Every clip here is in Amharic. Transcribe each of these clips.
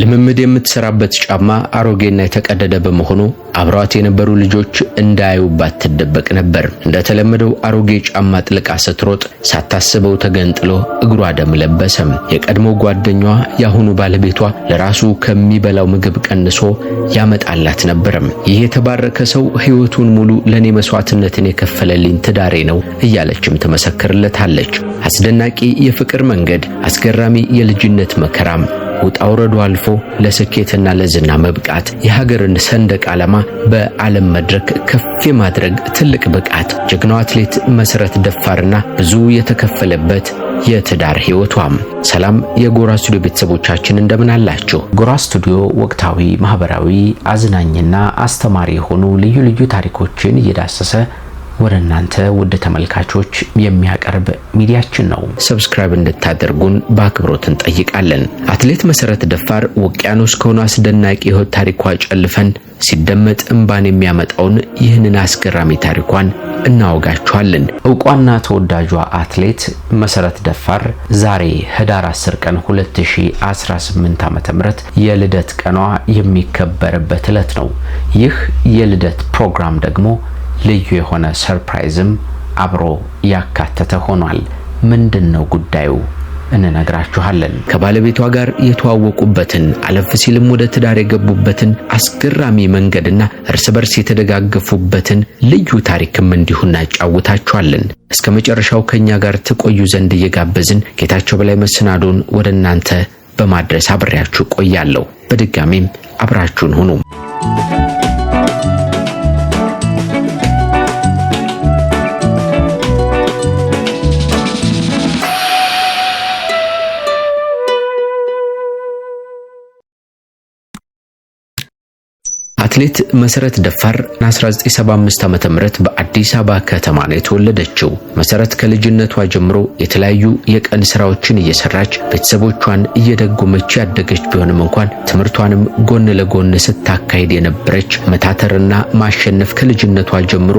ልምምድ የምትሰራበት ጫማ አሮጌና የተቀደደ በመሆኑ አብረዋት የነበሩ ልጆች እንዳያዩባት ትደበቅ ነበር። እንደተለመደው አሮጌ ጫማ ጥልቃ ስትሮጥ ሳታስበው ተገንጥሎ እግሯ ደም ለበሰም። የቀድሞ ጓደኛዋ የአሁኑ ባለቤቷ ለራሱ ከሚበላው ምግብ ቀንሶ ያመጣላት ነበረም። ይህ የተባረከ ሰው ሕይወቱን ሙሉ ለእኔ መስዋዕትነትን የከፈለልኝ ትዳሬ ነው እያለችም ትመሰክርለታለች። አስደናቂ የፍቅር መንገድ፣ አስገራሚ የልጅነት መከራም ውጣውረዱ አልፎ ለስኬትና ለዝና መብቃት የሀገርን ሰንደቅ ዓላማ በዓለም መድረክ ከፍ የማድረግ ትልቅ ብቃት ጀግናው አትሌት መሰረት ደፋርና ብዙ የተከፈለበት የትዳር ህይወቷም። ሰላም የጎራ ስቱዲዮ ቤተሰቦቻችን እንደምን አላችሁ? ጎራ ስቱዲዮ ወቅታዊ፣ ማህበራዊ፣ አዝናኝና አስተማሪ የሆኑ ልዩ ልዩ ታሪኮችን እየዳሰሰ ወደ እናንተ ውድ ተመልካቾች የሚያቀርብ ሚዲያችን ነው። ሰብስክራይብ እንድታደርጉን በአክብሮት እንጠይቃለን። አትሌት መሰረት ደፋር ውቅያኖስ ከሆነ አስደናቂ ሕይወት ታሪኳ ጨልፈን ሲደመጥ እምባን የሚያመጣውን ይህንን አስገራሚ ታሪኳን እናወጋችኋለን። እውቋና ተወዳጇ አትሌት መሰረት ደፋር ዛሬ ህዳር 10 ቀን 2018 ም የልደት ቀኗ የሚከበርበት ዕለት ነው። ይህ የልደት ፕሮግራም ደግሞ ልዩ የሆነ ሰርፕራይዝም አብሮ ያካተተ ሆኗል። ምንድን ነው ጉዳዩ? እንነግራችኋለን። ከባለቤቷ ጋር የተዋወቁበትን አለፍ ሲልም ወደ ትዳር የገቡበትን አስገራሚ መንገድና እርስ በርስ የተደጋገፉበትን ልዩ ታሪክም እንዲሁ እናጫውታችኋለን። እስከ መጨረሻው ከእኛ ጋር ትቆዩ ዘንድ እየጋበዝን ጌታቸው በላይ መሰናዶን ወደ እናንተ በማድረስ አብሬያችሁ ቆያለሁ። በድጋሜም አብራችሁን ሁኑ። አትሌት መሰረት ደፋር 1975 ዓ.ም በአዲስ አበባ ከተማ ነው የተወለደችው። መሰረት ከልጅነቷ ጀምሮ የተለያዩ የቀን ስራዎችን እየሰራች ቤተሰቦቿን እየደጎመች ያደገች ቢሆንም እንኳን ትምህርቷንም ጎን ለጎን ስታካሄድ የነበረች መታተርና ማሸነፍ ከልጅነቷ ጀምሮ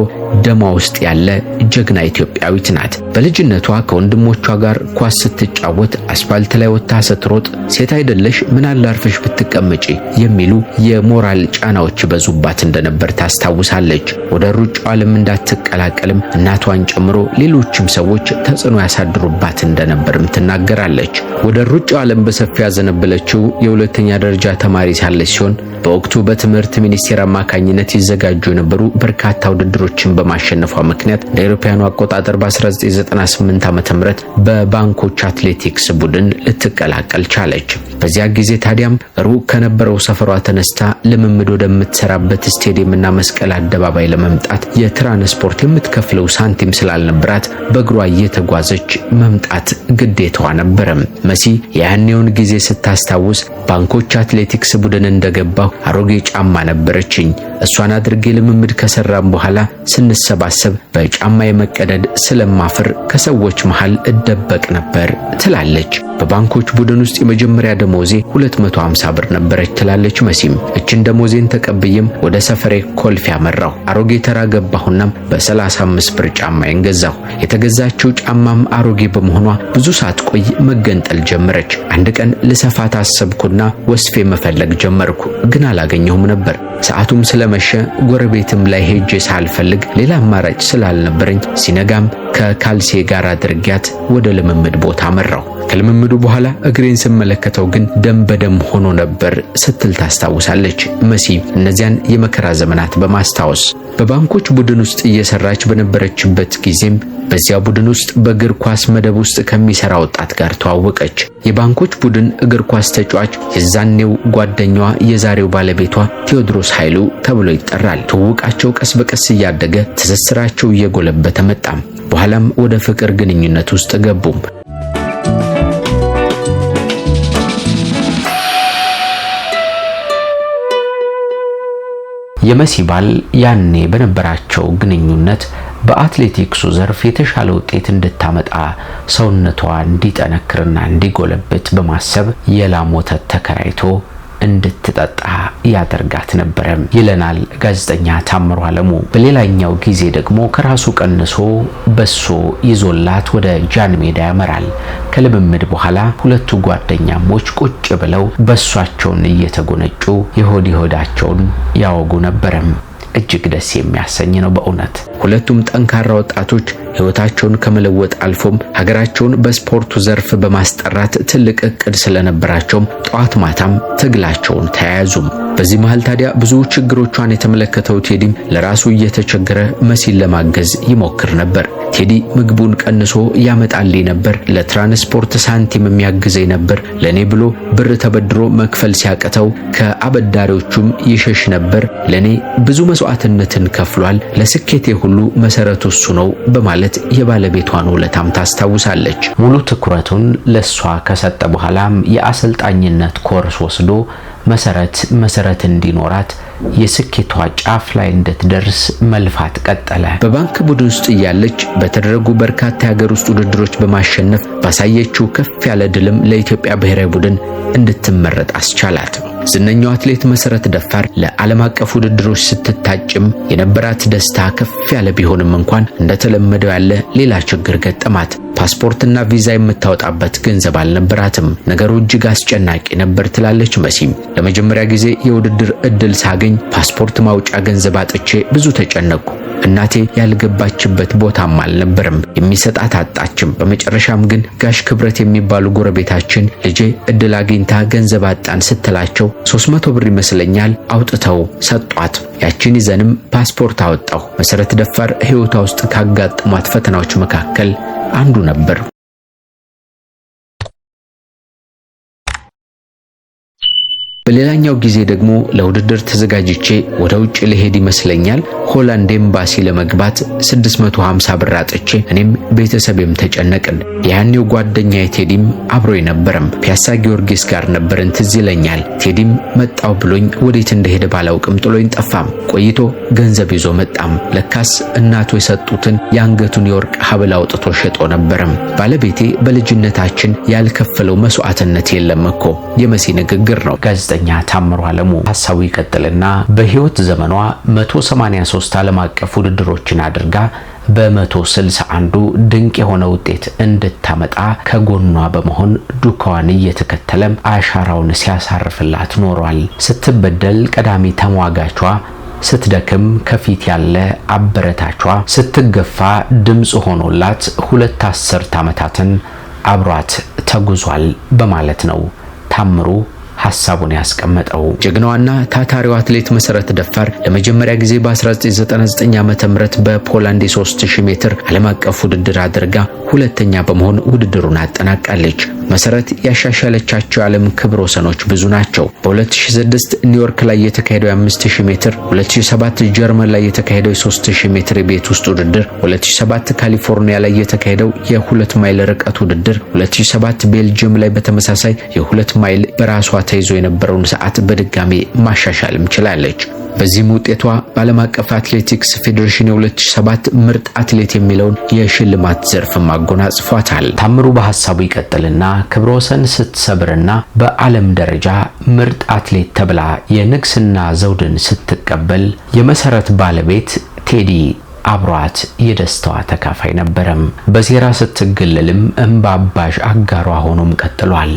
ደሟ ውስጥ ያለ ጀግና ኢትዮጵያዊት ናት። በልጅነቷ ከወንድሞቿ ጋር ኳስ ስትጫወት አስፋልት ላይ ወጥታ ስትሮጥ ሴት አይደለሽ ምን አላርፈሽ ብትቀመጪ የሚሉ የሞራል ጫናዎች ችግሮች በዙባት እንደነበር ታስታውሳለች። ወደ ሩጫው ዓለም እንዳትቀላቀልም እናቷን ጨምሮ ሌሎችም ሰዎች ተጽዕኖ ያሳድሩባት እንደነበርም ትናገራለች። ወደ ሩጫው ዓለም በሰፊው ያዘነበለችው የሁለተኛ ደረጃ ተማሪ ሳለች ሲሆን በወቅቱ በትምህርት ሚኒስቴር አማካኝነት ይዘጋጁ የነበሩ በርካታ ውድድሮችን በማሸነፏ ምክንያት እንደ አቆጣጠር በ1998 ዓ.ም በባንኮች አትሌቲክስ ቡድን ልትቀላቀል ቻለች። በዚያ ጊዜ ታዲያም ሩቅ ከነበረው ሰፈሯ ተነስታ ልምምድ ወደም ከምትሰራበት ስቴዲየምና መስቀል አደባባይ ለመምጣት የትራንስፖርት የምትከፍለው ሳንቲም ስላልነበራት በእግሯ እየተጓዘች መምጣት ግዴታዋ ነበረም። መሲ የያኔውን ጊዜ ስታስታውስ ባንኮች አትሌቲክስ ቡድን እንደገባሁ አሮጌ ጫማ ነበረችኝ። እሷን አድርጌ ልምምድ ከሰራም በኋላ ስንሰባሰብ በጫማ የመቀደድ ስለማፍር ከሰዎች መሃል እደበቅ ነበር ትላለች። በባንኮች ቡድን ውስጥ የመጀመሪያ ደሞዜ 250 ብር ነበረች ትላለች መሲም። እችን ደሞዜን ተቀብዬም ወደ ሰፈሬ ኮልፌ አመራሁ። አሮጌ ተራ ገባሁናም በ35 ብር ጫማዬን ገዛሁ። የተገዛችው ጫማም አሮጌ በመሆኗ ብዙ ሳትቆይ መገንጠል መቀላቀል ጀመረች። አንድ ቀን ልሰፋ ታሰብኩና ወስፌ መፈለግ ጀመርኩ፣ ግን አላገኘሁም ነበር። ሰዓቱም ስለመሸ ጎረቤትም ላይ ሄጄ ሳልፈልግ ሌላ አማራጭ ስላልነበረኝ ሲነጋም ከካልሴ ጋር አድርጊያት ወደ ልምምድ ቦታ መራው። ከልምምዱ በኋላ እግሬን ስመለከተው ግን ደም በደም ሆኖ ነበር ስትል ታስታውሳለች። መሲ እነዚያን የመከራ ዘመናት በማስታወስ በባንኮች ቡድን ውስጥ እየሰራች በነበረችበት ጊዜም በዚያ ቡድን ውስጥ በእግር ኳስ መደብ ውስጥ ከሚሰራ ወጣት ጋር ተዋወቀች። የባንኮች ቡድን እግር ኳስ ተጫዋች የዛኔው ጓደኛዋ የዛሬው ባለቤቷ ቴዎድሮስ ኃይሉ ተብሎ ይጠራል። ትውውቃቸው ቀስ በቀስ እያደገ ትስስራቸው እየጎለበተ መጣም። በኋላም ወደ ፍቅር ግንኙነት ውስጥ ገቡም። የመሲ ባል ያኔ በነበራቸው ግንኙነት በአትሌቲክሱ ዘርፍ የተሻለ ውጤት እንድታመጣ ሰውነቷ እንዲጠነክርና እንዲጎለብት በማሰብ የላም ወተት ተከራይቶ እንድትጠጣ ያደርጋት ነበረም ይለናል ጋዜጠኛ ታምሮ አለሙ። በሌላኛው ጊዜ ደግሞ ከራሱ ቀንሶ በሶ ይዞላት ወደ ጃን ሜዳ ያመራል። ከልምምድ በኋላ ሁለቱ ጓደኛሞች ቁጭ ብለው በሷቸውን እየተጎነጩ የሆድ የሆዳቸውን ያወጉ ነበረም። እጅግ ደስ የሚያሰኝ ነው በእውነት ሁለቱም ጠንካራ ወጣቶች ህይወታቸውን ከመለወጥ አልፎም ሀገራቸውን በስፖርቱ ዘርፍ በማስጠራት ትልቅ እቅድ ስለነበራቸውም ጠዋት ማታም ትግላቸውን ተያያዙም። በዚህ መሃል ታዲያ ብዙ ችግሮቿን የተመለከተው ቴዲም ለራሱ እየተቸገረ መሲን ለማገዝ ይሞክር ነበር። ቴዲ ምግቡን ቀንሶ ያመጣልኝ ነበር፣ ለትራንስፖርት ሳንቲም የሚያግዘኝ ነበር፣ ለኔ ብሎ ብር ተበድሮ መክፈል ሲያቅተው ከአበዳሪዎቹም ይሸሽ ነበር፣ ለኔ ብዙ መስዋዕትነትን ከፍሏል፣ ለስኬቴ ሁሉ መሰረቱ እሱ ነው በማለት የባለቤቷን ውለታም ታስታውሳለች። ሙሉ ትኩረቱን ለሷ ከሰጠ በኋላም የአሰልጣኝነት ኮርስ ወስዶ መሰረት መሰረት እንዲኖራት የስኬቷ ጫፍ ላይ እንድትደርስ መልፋት ቀጠለ። በባንክ ቡድን ውስጥ እያለች በተደረጉ በርካታ የሀገር ውስጥ ውድድሮች በማሸነፍ ባሳየችው ከፍ ያለ ድልም ለኢትዮጵያ ብሔራዊ ቡድን እንድትመረጥ አስቻላት። ዝነኛው አትሌት መሰረት ደፋር ለዓለም አቀፍ ውድድሮች ስትታጭም የነበራት ደስታ ከፍ ያለ ቢሆንም እንኳን እንደተለመደው ያለ ሌላ ችግር ገጠማት። ፓስፖርትና ቪዛ የምታወጣበት ገንዘብ አልነበራትም። ነገሩ እጅግ አስጨናቂ ነበር ትላለች መሲም። ለመጀመሪያ ጊዜ የውድድር እድል ሳገኝ ፓስፖርት ማውጫ ገንዘብ አጥቼ ብዙ ተጨነቅኩ። እናቴ ያልገባችበት ቦታም አልነበረም፣ የሚሰጣት አጣችም። በመጨረሻም ግን ጋሽ ክብረት የሚባሉ ጎረቤታችን ልጄ እድል አግኝታ ገንዘብ አጣን ስትላቸው 300 ብር ይመስለኛል አውጥተው ሰጧት። ያችን ይዘንም ፓስፖርት አወጣሁ። መሰረት ደፋር ህይወቷ ውስጥ ካጋጠሟት ፈተናዎች መካከል አንዱ ነበር። በሌላኛው ጊዜ ደግሞ ለውድድር ተዘጋጅቼ ወደ ውጭ ልሄድ ይመስለኛል ሆላንድ ኤምባሲ ለመግባት 650 ብር አጥቼ እኔም ቤተሰቤም ተጨነቅን። የያኔው ጓደኛዬ ቴዲም አብሮ ነበረም ፒያሳ ጊዮርጊስ ጋር ነበርን ትዝ ይለኛል። ቴዲም መጣው ብሎኝ ወዴት እንደሄደ ባላውቅም ጥሎኝ ጠፋም። ቆይቶ ገንዘብ ይዞ መጣም። ለካስ እናቱ የሰጡትን የአንገቱን የወርቅ ሀብል አውጥቶ ሸጦ ነበረም። ባለቤቴ በልጅነታችን ያልከፈለው መስዋዕትነት የለም እኮ የመሲ ንግግር ነው ጋዜጠ ጋዜጠኛ ታምሩ አለሙ ሀሳቡ ይቀጥልና በህይወት ዘመኗ 183 ዓለም አቀፍ ውድድሮችን አድርጋ በ 161 አንዱ ድንቅ የሆነ ውጤት እንድታመጣ ከጎኗ በመሆን ዱካዋን እየተከተለም አሻራውን ሲያሳርፍላት ኖሯል። ስትበደል ቀዳሚ ተሟጋቿ ስትደክም ከፊት ያለ አበረታቿ ስትገፋ ድምፅ ሆኖላት ሁለት አስርት ዓመታትን አብሯት ተጉዟል በማለት ነው ታምሩ ሐሳቡን ያስቀመጠው። ጀግናዋና ታታሪዋ አትሌት መሰረት ደፋር ለመጀመሪያ ጊዜ በ1999 ዓ.ም ምህረት በፖላንድ የ3000 ሜትር ዓለም አቀፍ ውድድር አድርጋ ሁለተኛ በመሆን ውድድሩን አጠናቃለች። መሰረት ያሻሻለቻቸው የዓለም ክብረ ወሰኖች ብዙ ናቸው። በ2006 ኒውዮርክ ላይ የተካሄደው የ5000 ሜትር፣ 2007 ጀርመን ላይ የተካሄደው የ3000 ሜትር የቤት ውስጥ ውድድር፣ 2007 ካሊፎርኒያ ላይ የተካሄደው የ2 ማይል ርቀት ውድድር፣ 2007 ቤልጅየም ላይ በተመሳሳይ የ2 ማይል በራሷ ተይዞ የነበረውን ሰዓት በድጋሚ ማሻሻልም ችላለች። በዚህም ውጤቷ በዓለም አቀፍ አትሌቲክስ ፌዴሬሽን የ2007 ምርጥ አትሌት የሚለውን የሽልማት ዘርፍ ማጎናጽፏታል። ታምሩ በሐሳቡ ይቀጥልና ክብረ ወሰን ስትሰብርና በዓለም ደረጃ ምርጥ አትሌት ተብላ የንግስና ዘውድን ስትቀበል የመሰረት ባለቤት ቴዲ አብሯት የደስታዋ ተካፋይ ነበረም። በሴራ ስትግልልም እምባባዥ አጋሯ ሆኖም ቀጥሏል።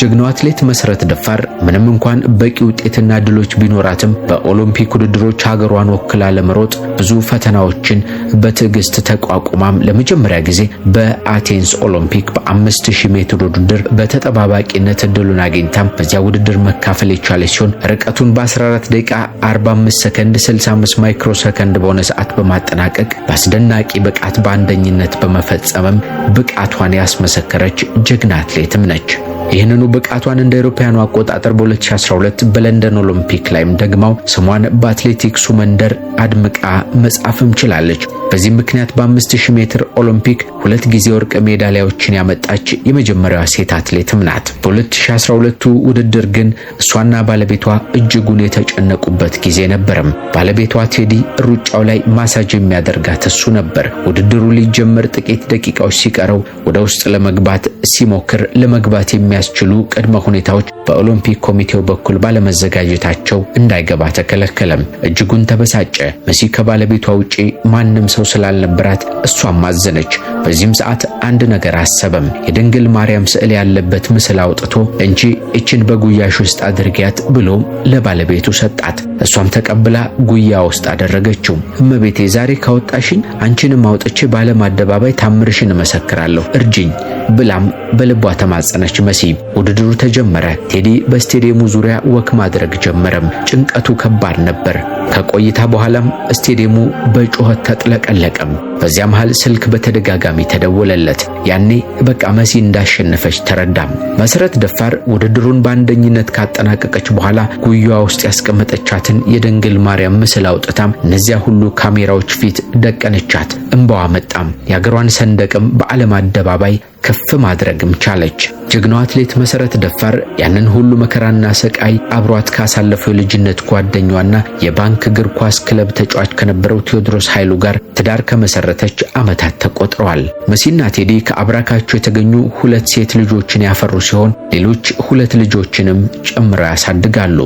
ጀግናው አትሌት መሰረት ደፋር ምንም እንኳን በቂ ውጤትና ድሎች ቢኖራትም በኦሎምፒክ ውድድሮች ሀገሯን ወክላ ለመሮጥ ብዙ ፈተናዎችን በትዕግስት ተቋቁማም ለመጀመሪያ ጊዜ በአቴንስ ኦሎምፒክ በ5000 ሜትር ውድድር በተጠባባቂነት እድሉን አግኝታም በዚያ ውድድር መካፈል የቻለች ሲሆን ርቀቱን በ14 ደቂቃ 45 ሰከንድ 65 ማይክሮ ሰከንድ በሆነ ሰዓት በማጠናቀቅ በአስደናቂ ብቃት በአንደኝነት በመፈጸምም ብቃቷን ያስመሰከረች ጀግና አትሌትም ነች። ይህንኑ ብቃቷን እንደ አውሮፓውያኑ አቆጣጠር በ2012 በለንደን ኦሎምፒክ ላይም ደግማው ስሟን በአትሌቲክሱ መንደር አድምቃ መጻፍም ችላለች። በዚህ ምክንያት በ5000 ሜትር ኦሎምፒክ ሁለት ጊዜ ወርቅ ሜዳሊያዎችን ያመጣች የመጀመሪያዋ ሴት አትሌትም ናት። በ2012ቱ ውድድር ግን እሷና ባለቤቷ እጅጉን የተጨነቁበት ጊዜ ነበርም። ባለቤቷ ቴዲ ሩጫው ላይ ማሳጅ የሚያደርጋት እሱ ነበር። ውድድሩ ሊጀመር ጥቂት ደቂቃዎች ሲቀረው ወደ ውስጥ ለመግባት ሲሞክር ለመግባት የሚያ የሚያስችሉ ቅድመ ሁኔታዎች በኦሎምፒክ ኮሚቴው በኩል ባለመዘጋጀታቸው እንዳይገባ ተከለከለም። እጅጉን ተበሳጨ። መሲ ከባለቤቷ ውጪ ማንም ሰው ስላልነበራት እሷም አዘነች። በዚህም ሰዓት አንድ ነገር አሰበም። የድንግል ማርያም ስዕል ያለበት ምስል አውጥቶ እንጂ እችን በጉያሽ ውስጥ አድርጊያት ብሎም ለባለቤቱ ሰጣት። እሷም ተቀብላ ጉያ ውስጥ አደረገችው። እመቤቴ ዛሬ ካወጣሽኝ አንቺንም አውጥቼ በዓለም አደባባይ ታምርሽን እመሰክራለሁ፣ እርጅኝ ብላም በልቧ ተማጸነች መሲ ውድድሩ ተጀመረ። ቴዲ በስቴዲየሙ ዙሪያ ወክ ማድረግ ጀመረም። ጭንቀቱ ከባድ ነበር። ከቆይታ በኋላም ስቴዲየሙ በጩኸት ተጥለቀለቀም። በዚያ መሃል ስልክ በተደጋጋሚ ተደወለለት። ያኔ በቃ መሲ እንዳሸነፈች ተረዳም። መሰረት ደፋር ውድድሩን በአንደኝነት ካጠናቀቀች በኋላ ጉያዋ ውስጥ ያስቀመጠቻትን የድንግል ማርያም ምስል አውጥታም እነዚያ ሁሉ ካሜራዎች ፊት ደቀነቻት። እንባዋ መጣም። የአገሯን ሰንደቅም በዓለም አደባባይ ከፍ ማድረግም ቻለች። ጀግናው አትሌት መሰረት ደፋር ያንን ሁሉ መከራና ስቃይ አብሯት ካሳለፈው የልጅነት ጓደኛዋና የባንክ የባንክ እግር ኳስ ክለብ ተጫዋች ከነበረው ቴዎድሮስ ኃይሉ ጋር ትዳር ከመሰረተች ዓመታት ተቆጥረዋል። መሲና ቴዲ ከአብራካቸው የተገኙ ሁለት ሴት ልጆችን ያፈሩ ሲሆን ሌሎች ሁለት ልጆችንም ጨምረው ያሳድጋሉ።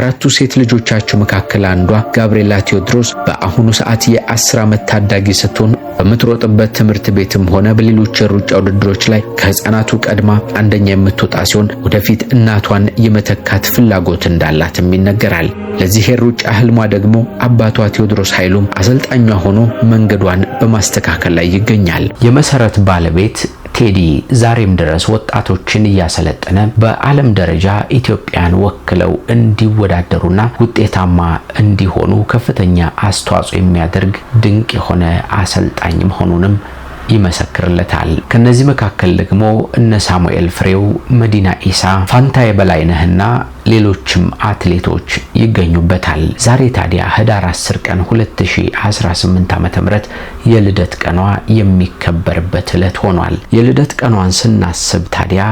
ከአራቱ ሴት ልጆቻቸው መካከል አንዷ ጋብርኤላ ቴዎድሮስ በአሁኑ ሰዓት የአስር ዓመት ታዳጊ ስትሆን በምትሮጥበት ትምህርት ቤትም ሆነ በሌሎች የሩጫ ውድድሮች ላይ ከህፃናቱ ቀድማ አንደኛ የምትወጣ ሲሆን ወደፊት እናቷን የመተካት ፍላጎት እንዳላትም ይነገራል። ለዚህ የሩጫ ህልሟ ደግሞ አባቷ ቴዎድሮስ ኃይሉም አሰልጣኟ ሆኖ መንገዷን በማስተካከል ላይ ይገኛል። የመሰረት ባለቤት ኬዲ ዛሬም ድረስ ወጣቶችን እያሰለጠነ በዓለም ደረጃ ኢትዮጵያን ወክለው እንዲወዳደሩና ውጤታማ እንዲሆኑ ከፍተኛ አስተዋጽኦ የሚያደርግ ድንቅ የሆነ አሰልጣኝ መሆኑንም ይመሰክርለታል። ከነዚህ መካከል ደግሞ እነ ሳሙኤል ፍሬው፣ መዲና ኢሳ፣ ፋንታዬ በላይነህና ሌሎችም አትሌቶች ይገኙበታል። ዛሬ ታዲያ ህዳር 10 ቀን 2018 ዓ.ም የልደት ቀኗ የሚከበርበት ዕለት ሆኗል። የልደት ቀኗን ስናስብ ታዲያ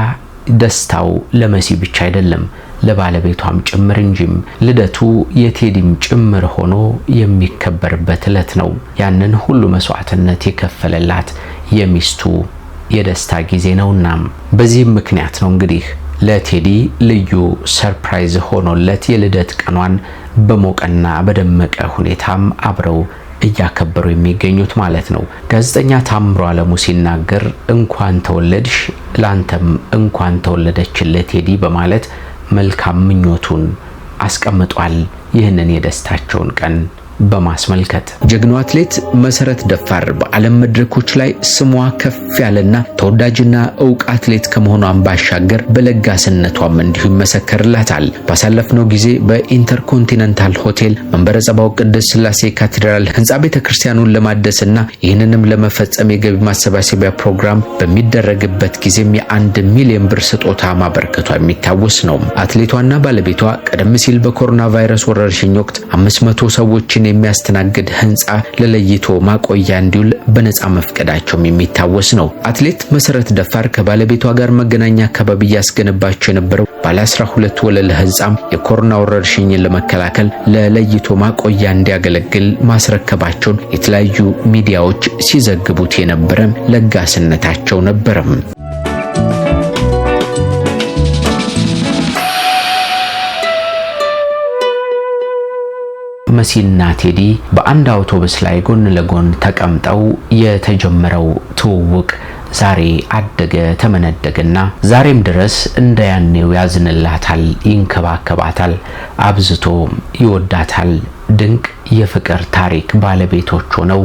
ደስታው ለመሲ ብቻ አይደለም ለባለቤቷም ጭምር እንጂም ልደቱ የቴዲም ጭምር ሆኖ የሚከበርበት ዕለት ነው። ያንን ሁሉ መስዋዕትነት የከፈለላት የሚስቱ የደስታ ጊዜ ነውና በዚህም ምክንያት ነው እንግዲህ ለቴዲ ልዩ ሰርፕራይዝ ሆኖለት የልደት ቀኗን በሞቀና በደመቀ ሁኔታም አብረው እያከበሩ የሚገኙት ማለት ነው። ጋዜጠኛ ታምሮ አለሙ ሲናገር እንኳን ተወለድሽ፣ ላንተም እንኳን ተወለደችን ለቴዲ በማለት መልካም ምኞቱን አስቀምጧል። ይህንን የደስታቸውን ቀን በማስመልከት ጀግናው አትሌት መሰረት ደፋር በዓለም መድረኮች ላይ ስሟ ከፍ ያለና ተወዳጅና እውቅ አትሌት ከመሆኗን ባሻገር በለጋስነቷም እንዲሁ ይመሰከርላታል። ባሳለፍነው ጊዜ በኢንተርኮንቲነንታል ሆቴል መንበረ ጸባው ቅድስት ሥላሴ ካቴድራል ህንፃ ቤተ ክርስቲያኑን ለማደስና ይህንንም ለመፈጸም የገቢ ማሰባሰቢያ ፕሮግራም በሚደረግበት ጊዜም የአንድ ሚሊዮን ብር ስጦታ ማበረከቷ የሚታወስ ነው። አትሌቷና ባለቤቷ ቀደም ሲል በኮሮና ቫይረስ ወረርሽኝ ወቅት አምስት መቶ ሰዎችን ሰዎችን የሚያስተናግድ ህንፃ ለለይቶ ማቆያ እንዲውል በነፃ መፍቀዳቸውም የሚታወስ ነው። አትሌት መሰረት ደፋር ከባለቤቷ ጋር መገናኛ አካባቢ እያስገነባቸው የነበረው ባለ 12 ወለል ህንፃም የኮሮና ወረርሽኝን ለመከላከል ለለይቶ ማቆያ እንዲያገለግል ማስረከባቸውን የተለያዩ ሚዲያዎች ሲዘግቡት የነበረ ለጋስነታቸው ነበረም። መሲና ቴዲ በአንድ አውቶቡስ ላይ ጎን ለጎን ተቀምጠው የተጀመረው ትውውቅ ዛሬ አደገ ተመነደገና ዛሬም ድረስ እንደ ያኔው ያዝንላታል፣ ይንከባከባታል፣ አብዝቶ ይወዳታል። ድንቅ የፍቅር ታሪክ ባለቤቶች ሆነው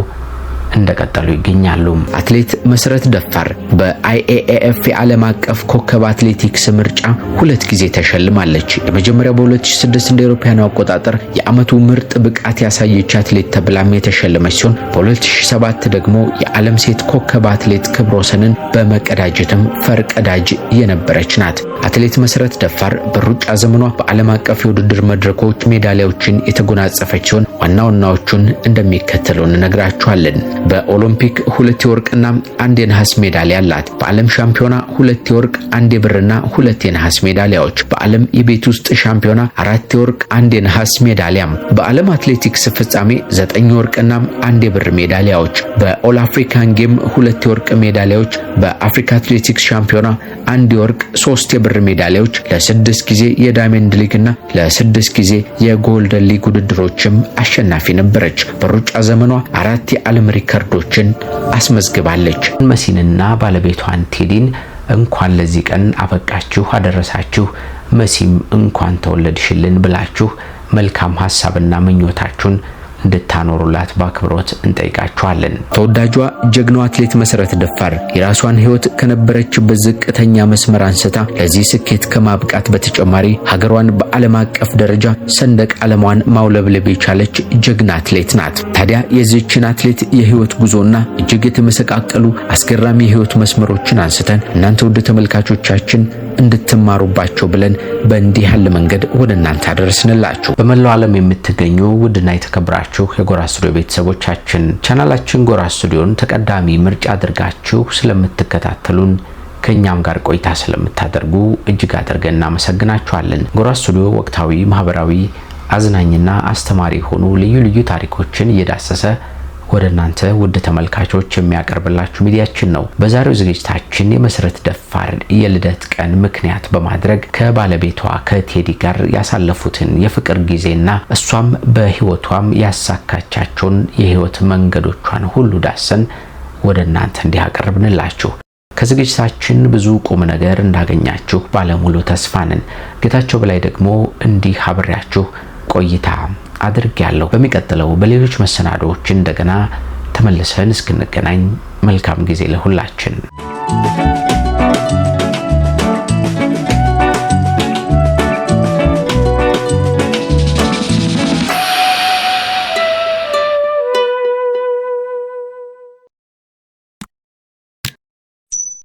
እንደቀጠሉ ይገኛሉ። አትሌት መሰረት ደፋር በአይኤኤኤፍ የዓለም አቀፍ ኮከብ አትሌቲክስ ምርጫ ሁለት ጊዜ ተሸልማለች። የመጀመሪያው በ2006 እንደ አውሮፓውያኑ አቆጣጠር የዓመቱ ምርጥ ብቃት ያሳየች አትሌት ተብላም የተሸለመች ሲሆን በ2007 ደግሞ የዓለም ሴት ኮከብ አትሌት ክብረ ወሰንን በመቀዳጀትም ፈርቀዳጅ የነበረች ናት። አትሌት መሰረት ደፋር በሩጫ ዘመኗ በዓለም አቀፍ የውድድር መድረኮች ሜዳሊያዎችን የተጎናጸፈች ሲሆን ዋና ዋናዎቹን እንደሚከተለው እንነግራችኋለን። በኦሎምፒክ ሁለት የወርቅና አንድ የነሐስ ሜዳሊያ አላት። በዓለም ሻምፒዮና ሁለት የወርቅ አንድ የብርና ሁለት የነሐስ ሜዳሊያዎች፣ በዓለም የቤት ውስጥ ሻምፒዮና አራት የወርቅ አንድ የነሐስ ሜዳሊያ፣ በዓለም አትሌቲክስ ፍጻሜ ዘጠኝ የወርቅና አንድ የብር ሜዳሊያዎች፣ በኦል አፍሪካን ጌም ሁለት የወርቅ ሜዳሊያዎች፣ በአፍሪካ አትሌቲክስ ሻምፒዮና አንድ የወርቅ ሶስት የብር ሜዳሊያዎች፣ ለስድስት ጊዜ የዳይመንድ ሊግና ለስድስት ጊዜ የጎልደን ሊግ ውድድሮችም አሸናፊ ነበረች። በሩጫ ዘመኗ አራት የዓለም ሪከ ሪከርዶችን አስመዝግባለች። መሲንና ባለቤቷን ቴዲን እንኳን ለዚህ ቀን አበቃችሁ አደረሳችሁ፣ መሲም እንኳን ተወለድሽልን ብላችሁ መልካም ሀሳብና ምኞታችሁን እንድታኖሩላት በአክብሮት እንጠይቃችኋለን። ተወዳጇ ጀግናው አትሌት መሰረት ደፋር የራሷን ህይወት ከነበረችበት ዝቅተኛ መስመር አንስታ ለዚህ ስኬት ከማብቃት በተጨማሪ ሀገሯን በዓለም አቀፍ ደረጃ ሰንደቅ ዓላማዋን ማውለብለብ የቻለች ጀግና አትሌት ናት። ታዲያ የዚህችን አትሌት የህይወት ጉዞና እጅግ የተመሰቃቀሉ አስገራሚ የህይወት መስመሮችን አንስተን እናንተ ውድ ተመልካቾቻችን እንድትማሩባቸው ብለን በእንዲህ ያለ መንገድ ወደ እናንተ አደረስንላችሁ። በመላው ዓለም የምትገኙ ውድና የተከበራችሁ የተወደዳችሁ የጎራ ስቱዲዮ ቤተሰቦቻችን ቻናላችን ጎራ ስቱዲዮን ተቀዳሚ ምርጫ አድርጋችሁ ስለምትከታተሉን ከእኛም ጋር ቆይታ ስለምታደርጉ እጅግ አድርገን እናመሰግናችኋለን። ጎራ ስቱዲዮ ወቅታዊ፣ ማህበራዊ፣ አዝናኝና አስተማሪ የሆኑ ልዩ ልዩ ታሪኮችን እየዳሰሰ ወደ እናንተ ውድ ተመልካቾች የሚያቀርብላችሁ ሚዲያችን ነው። በዛሬው ዝግጅታችን የመሰረት ደፋር የልደት ቀን ምክንያት በማድረግ ከባለቤቷ ከቴዲ ጋር ያሳለፉትን የፍቅር ጊዜና እሷም በህይወቷም ያሳካቻቸውን የህይወት መንገዶቿን ሁሉ ዳሰን ወደ እናንተ እንዲህ አቀርብንላችሁ። ከዝግጅታችን ብዙ ቁም ነገር እንዳገኛችሁ ባለሙሉ ተስፋ ነን። ጌታቸው በላይ ደግሞ እንዲህ አብሬያችሁ ቆይታ አድርጌያለሁ። በሚቀጥለው በሌሎች መሰናዶዎች እንደገና ተመልሰን እስክንገናኝ መልካም ጊዜ ለሁላችን።